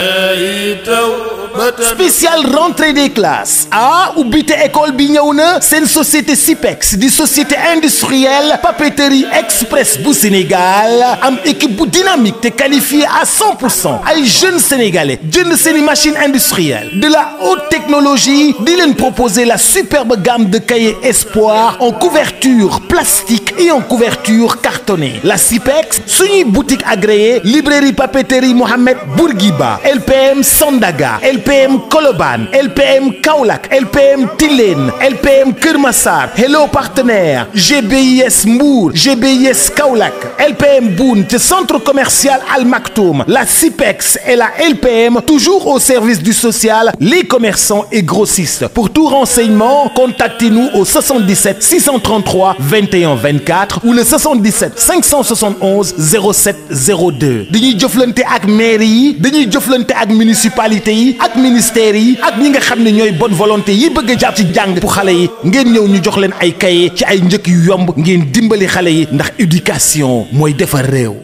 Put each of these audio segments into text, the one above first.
إيتم spécial rentrée des classes ah but école bi c'est une société Cipex, une société industrielle papeterie express Bou Sénégal am équipe dynamique te qualifiée à 100 à jeunes sénégalais jeunes machines machine industrielle de la haute technologie di proposer la superbe gamme de cahiers Espoir en couverture plastique et en couverture cartonnée la SIPEX une boutique agréée librairie papeterie Mohamed Bourguiba LPM Sandaga LPM LPM Koloban, LPM Kaulak, LPM Tilène, LPM Kurmasar. Hello Partenaires, GBIS mou GBIS Kaulak, LPM Boun, Centre Commercial Al Maktoum, la CIPEX et la LPM, toujours au service du social, les commerçants et grossistes. Pour tout renseignement, contactez-nous au 77 633 21 24 ou le 77 571 07 02. ak mairie municipalité ministères yi ak ñi nga xam ne ñooy bon volonté yi bëgg a jàpp ci jàng bu xale yi ngeen ñëw ñu jox leen ay kaye ci ay njëkk yu yomb ngeen dimbali xale yi ndax éducation mooy defar réew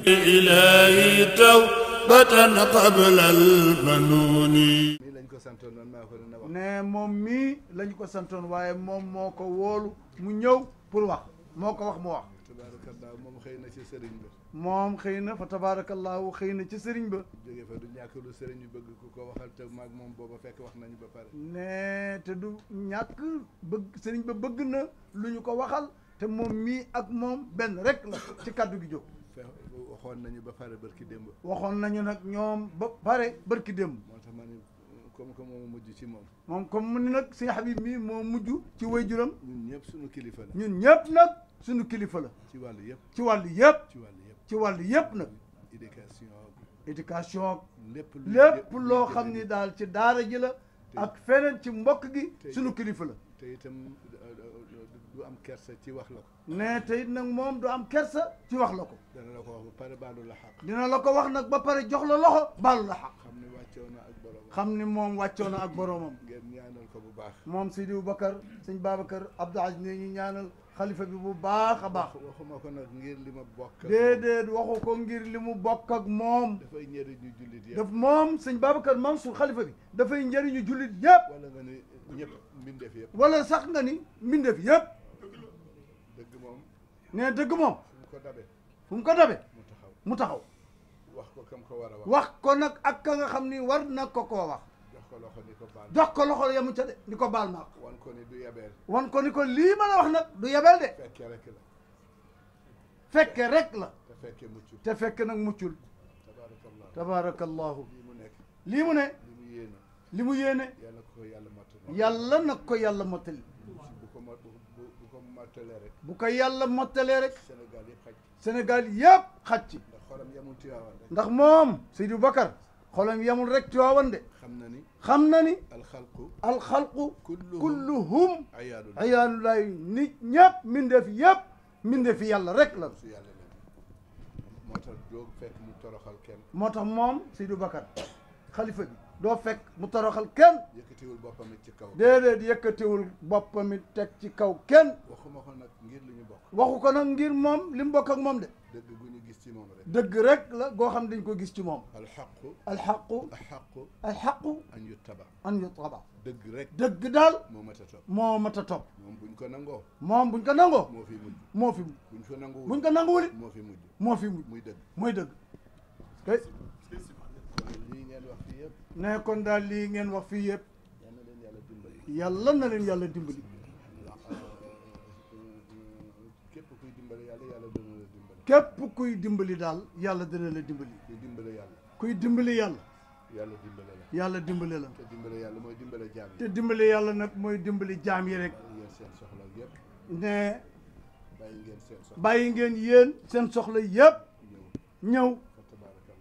ne moom mii lañ ko santoon waaye moom moo ko wóolu mu ñëw pour wax moo ko wax mu wax tabaarakallaahu moom xëy na ci sëriñ ba moom xëy na fa tabaarakallaahu xëy na ci sëriñ ba jóge fa du ñàkk lu sëriñ bëgg ku ko waxal te maag moom booba fekk wax nañu ba pare ne te du ñàkk bëgg sëriñ ba bëgg na lu ñu ko waxal te moom mii ak moom benn rek ci kàddu gi jóg waxoon nañu ba pare bërki démb waxoon nañu nag ñoom ba pare bërki démb moo tax ma ne comme que moo mujj ci moom moom comme mu ni nag si Habib mii moo mujj ci waajuram ñun ñëpp suñu kilifa la ñun ñëpp nag sunu kilifa la. ci wàllu yëpp ci wàllu yëpp. ci wàllu ci wàllu yëpp nag. éducation. éducation. lépp lépp loo xam ni daal ci daara ji la. ak feneen ci mbokk gi. sunu kilifa la. te itam euh, euh, du am kersa ci wax la ko. nee te it nag moom du am kersa ci wax la ko. dina la ko wax ba pare baalu la xaq. dina la ko wax nag ba pare jox la loxo baalu la xaq. xam ni wàccoo na ak boromam. xam ni moom wàccoo na ak boromam. ngeen ñaanal ko bu baax. moom Sidi Bakar sëñ Babacar Abdou Aziz ne ñu ñaanal xalifa bi bu baax a baax. waxuma ko nag ngir li ma bokk. déedéet waxu ko ngir li mu bokk ak moom. dafay njëriñu jullit yëpp. daf moom sëñ Babacar Mansour xalifa bi dafay njëriñu jullit yëpp. wala nga ni ñëpp mbindeef yëpp. wala sax nga ni mbindeef yëpp nee dëgg moom ko fu mu ko dabe mu taxaw wax ko kam ko war a wax wax ko nag ak ka nga xam ni war na ko koo wax jox ko loxo yamu ca de ni ko baal ma wan ko ni du yebeel wan ko ni ko lii ma la wax nag du yebeel de fekke rek la fekke rek la te fekke muccul te fekke nag muccul tabaarakallahu lii mu ne li mu yéene yàlla na ko yàlla mottali mottalee rek. bu ko yàlla mottalee rek. Sénégal yëpp xaj ci. Sénégal yëpp ci. ndax ndax moom Seydou Bakar. xolam yamul rek Tiwaawan de. xam na ni. xam na ni. alxalqu. alxalqu. kulluhum ayaanullaay nit ñëpp mbindeef yëpp. yàlla rek la. moo tax moom Seydou Bakar xalifa bi. doo fekk mu toroxal kenn. yëkkatiwul boppam it ci kaw. déedéet yëkkatiwul boppam teg ci kaw kenn. waxuma ko nag ngir lu ñu bokk. waxu ko nag ngir moom li mu bokk moom de. dëgg gu ñu gis ci moom rek. dëgg rek la goo xam dañ ko gis ci moom. alxaqu. alxaqu. alxaqu. alxaqu. an yu taba. an yu taba. dëgg rek. dëgg daal. moo mat a topp. moo mat a topp. moom buñ ko nangoo. moom buñ ko nangoo. moo fi mujj. moo fi mujj. buñ ko nanguwul. ko nanguwul it. moo fi mujj. moo fi mujj. muy dëgg. muy dëgg. ne kon daal lii ngeen wax fii yëpp yàlla na leen yàlla dimbali képp kuy dimbali daal yàlla dana la dimbali kuy dimbali yàlla yàlla dimbale la yàlla dimbale la te dimbale yàlla mooy dimbale jaam yi yàlla nag mooy dimbali jaam yi rek ne bàyyi ngeen yéen seen soxla yëpp ñëw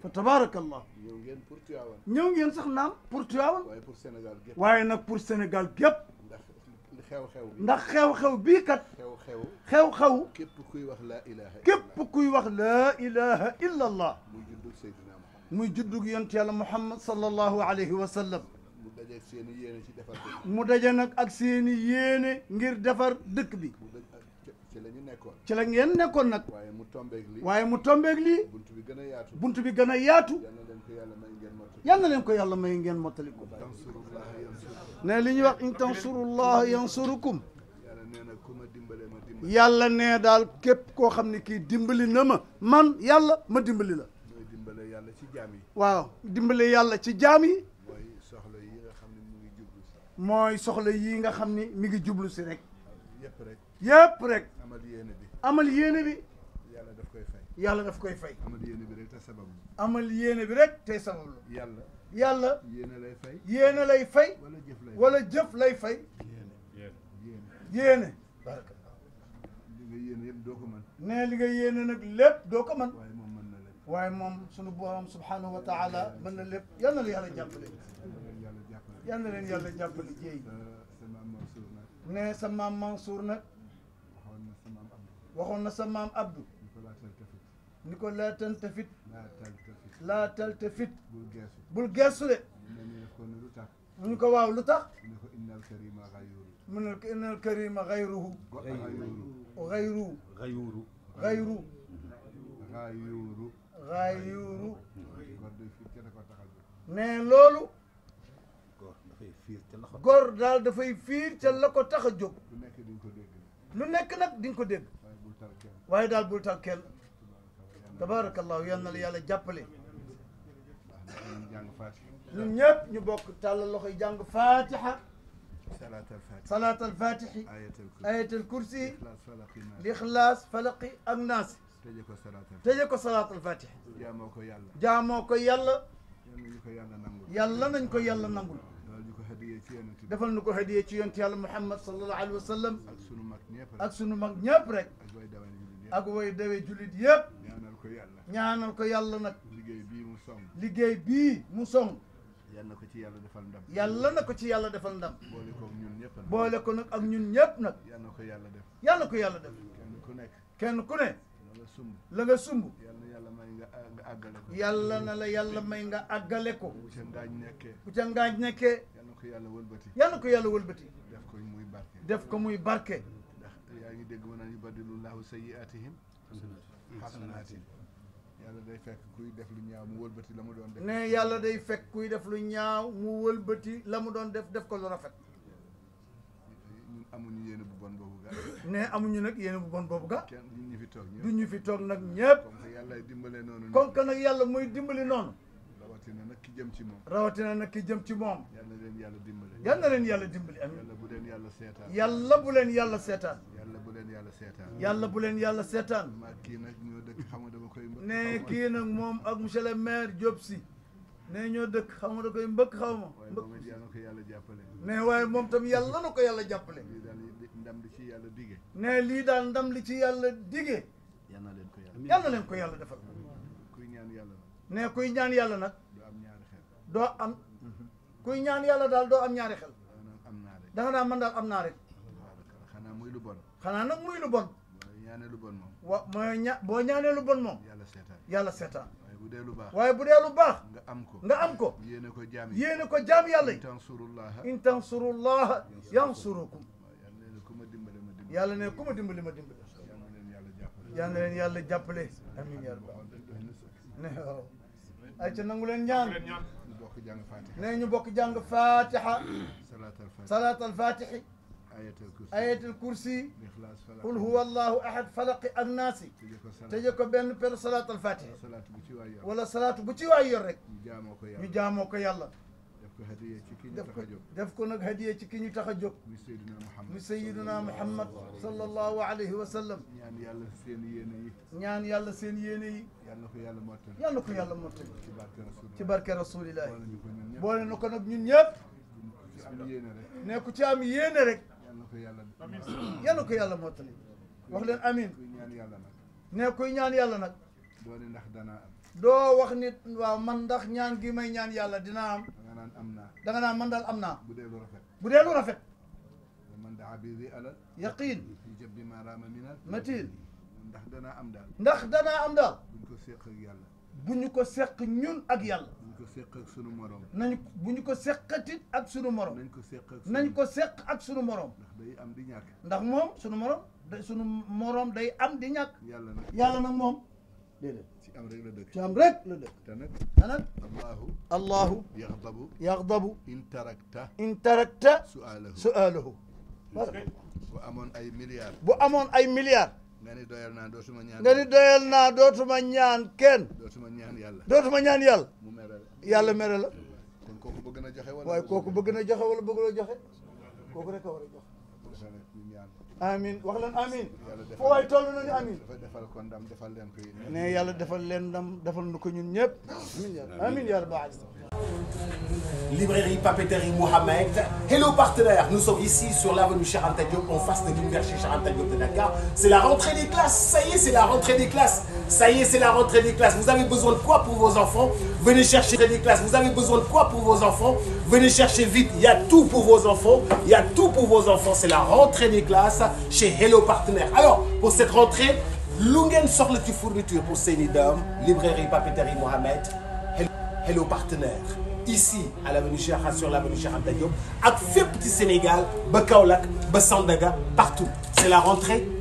fa tabarakallah ñëw ngeen pour Tivaouane ñëw ngeen sax naam pour Tivaouane waaye pour Sénégal gépp waaye nag pour Sénégal gépp ndax xew-xew bi ndax xew-xew bii kat xew-xew xew-xew képp kuy wax laa ilaha képp kuy wax laa ilaha illa allah muy juddug Seydina Muhammad muy juddug yonent yàlla Muhammad sallallahu alayhi wa sallam mu daje ak seen i yéene ci defar mu daje nag ak seen i yéene ngir defar dëkk bi lañu nekkoon ci la ngeen nekkoon nag waaye mu tombeeg lii waaye mu tombeeg lii buntu bi gën a yaatu buntu bi gën a yaatu yal na leen ko yàlla may ngeen mottali ko ne li ñuy wax in tansurullah yansurukum yàlla nee daal képp koo xam ne kii dimbali na ma man yàlla ma dimbali la dimbale yàlla ci jaam yi waaw dimbale yàlla ci jaam yi mooy soxla yi nga xam ne mu ngi jublu soxla yi nga xam ne mi ngi jublu si rek yëpp rek. yëpp rek. amal yéene bi. amal yéene bi. yàlla daf koy fay. yàlla daf koy fay. amal yéene bi rek te sabablu. amal yéene bi rek te sabablu. yàlla. yàlla. yéene lay fay. yéene lay fay. wala jëf lay fay wala jëf lay fay. yéene yéene. li nga yéene yëpp doo ko mën. nee li nga yéene nag lépp doo ko mën. waaye moom mën na lépp. waaye moom sunu borom subhanahu wa taala mën na lépp yal na la yàlla jàppale. yal na leen yàlla jàppale jéey. Euh, ne sa maam Mansour nag waxoon na sa maam Abdou waxoon na sa maam Abdou ni ko laa tantafit laa taltafit bul geesu bul geesu de mu ñu ko waaw lu tax mu ne ko innal karima xayruhu mu ne ko innal karima xayruhu xayru xayru xayru xayru xayru ne loolu fiir ca la ko góor daal dafay fiir ci la ko tax jóg. lu nek di nga ko deg lu nekk di ko bul tal bul tal la yàlla jàppale. ñun ñëpp ñu bok tal loxo jàng fatiha salaat al faatihi. ayat al kursi. lixlaas falaqi ak naas. tëjee ko salaat al faatihi tëjee ko yàlla. ko yàlla. yàlla nañ ko yàlla nangul. defal nu ko hadiya ci yonent yàlla Muhammad sallallahu alayhi wa sallam ak sunu mag ñëpp rek ak way dawee jullit yëpp ñaanal ko yàlla nag liggéey bii mu song liggéey bii mu song yàlla na ko ci yàlla defal ndam yàlla na ko ci yàlla defal ndam boole ko ñun ñëpp nag boole ko nag ak ñun ñëpp nag yàlla na ko yàlla def yàlla na ko yàlla def kenn ku nekk kenn ku ne la sumb la nga sumb yàlla yàlla may nga àggale ko yàlla na la yàlla may nga àggale ko bu ca ngaañ nekkee bu ca ngaañ nekkee ko yàlla wëlbati. yal ko yàlla wëlbati. def ko muy barke. def ko muy barke. ndax yaa ngi dégg ma naan yubaddilu laahu sayyi'aatihim hasanaatin yàlla day fekk kuy def lu ñaaw mu wëlbati la mu doon def. yàlla day fekk kuy def lu ñaaw mu wëlbati la mu doon def def ko lu rafet. ñun amuñu yéene bu bon boobu ga ne amuñu nag yéene bu bon boobu ga du ñu fi toog ñëpp ñu fi toog nag ñëpp. comme que yàlla dimbale noonu. comme que nag yàlla mooy dimbali noonu. rawatina nag ki jëm ci moom rawatina nag ki jëm ci moom leen yàlla dimbali yal na leen yàlla dimbali amiin yàlla bu leen yàlla seetaan yàlla bu leen yàlla seetaan yàlla bu leen yàlla seetaan yàlla bu leen yàlla seetaan maa kii nag ñoo dëkk xam nga dama koy ne kii nag moom ak monsieur le maire Diop Sy ne ñoo dëkk xaw ma da koy mbëkk xaw ma mbëkk yàlla ko yàlla jàppale mais waaye moom tam yàlla na ko yàlla jàppale lii daal ndam li ci yàlla digee ne lii daal ndam li ci yàlla digee yal na ko yàlla yal na ko yàlla defal kuy ñaan yàlla nag doo am kuy ñaan yàlla daal doo am ñaari xel danga naa man daal am naa rek xanaa muy lu bon xanaa nag muy lu bon ñaanee lu bon moom wa mooy ña boo ñaanee lu bon moom yàlla seetaan yàlla seetaan waaye bu dee lu baax waaye bu dee lu baax nga am ko nga am ko yéene ko jaam yéene ko jaam yàlla yi tansurullaha in tansurullaha yansurukum yàlla ne ku ma dimbali ma dimbali yàlla leen yàlla jàppale amin yàlla ne waaw ay ca nangu leen ñaan بوك جانغ فاتحة نين ني بوك جانغ فاتحة صلاة الفاتحة صلاة الفاتحة آية الكرسي آية الكرسي بإخلاص فلق قل هو الله أحد فلق الناس تجيكو بين بير صلاة الفاتحة صلاة بوتي ولا صلاة بوتي وايو رك نجاموكو يالله نجاموكو يالله دفكونا هدية كيني تخرجوا مسيدنا محمد مسيدنا محمد صلى الله عليه وسلم نيان يالا سين ييني نيان يالا سين ييني يالا كو يالا موتال يالا كو يالا موتال تي بارك رسول الله بول نكو نك نين ييب نيكو تي ام ييني رك يالا كو يالا يالا كو يالا موتال واخ لين امين نيان يالا نك نيكو نيان يالا نك دوني ناخ دانا دو واخ نيت وا من داخ نيان غي ماي نيان يالا دينا ام da nga naan am naa. da nga naan man daal am naa. bu dee lu rafet. bu dee lu rafet. man daa bi di alal. yaqiin. fi jabdi ma raama minal. matin. ndax danaa am daal. ndax danaa am daal. buñ ko seq ak yàlla. bu ñu ko seq ñun ak yàlla. buñ ko seq ak sunu morom. nañ bu ñu ko seqatit ak sunu morom. nañ ko seq ak sunu nañ ko seq ak sunu morom. ndax day am di ñàkk. ndax moom sunu morom day sunu morom day am di ñàkk. yàlla nag yàlla nag moom. déedéet am rek la dëkk ci am rek la dëkk te nag ay milliards bu amoon ay milliards nga ni doyal naa dootuma ñaan nga ni doyal naa ñaan yàlla dootuma ñaan yàlla mu mere la yàlla mere la kon kooku bëgg na joxe waaye kooku bëgg na rek a war a joxe amin wax leen amin foo way toll na ni amin defal ko ndam defal leen ko ne yàlla defal leen ndam defal na ñun ñëpp amin ya rabbal alamin librairie papeterie Mohamed hello partenaires nous sommes ici sur l'avenue Cheikh Anta Diop en face de l'université Cheikh Anta Diop de Dakar c'est la rentrée des classes ça y est c'est la rentrée des classes ça y est, c'est la rentrée des classes. Vous avez besoin de quoi pour vos enfants Venez chercher des classes. Vous avez besoin de quoi pour vos enfants Venez chercher vite. Il y a tout pour vos enfants. Il y a tout pour vos enfants. C'est la rentrée des classes chez Hello Partenaire. Alors, pour cette rentrée, Lungen sort le fourniture pour Sénidum, librairie Papeterie Mohamed. Hello Partenaire. Ici, à l'avenue Cheikh sur l'avenue Cheikh Anta Diop, à Sénégal, ba Bassandaga, partout. C'est la rentrée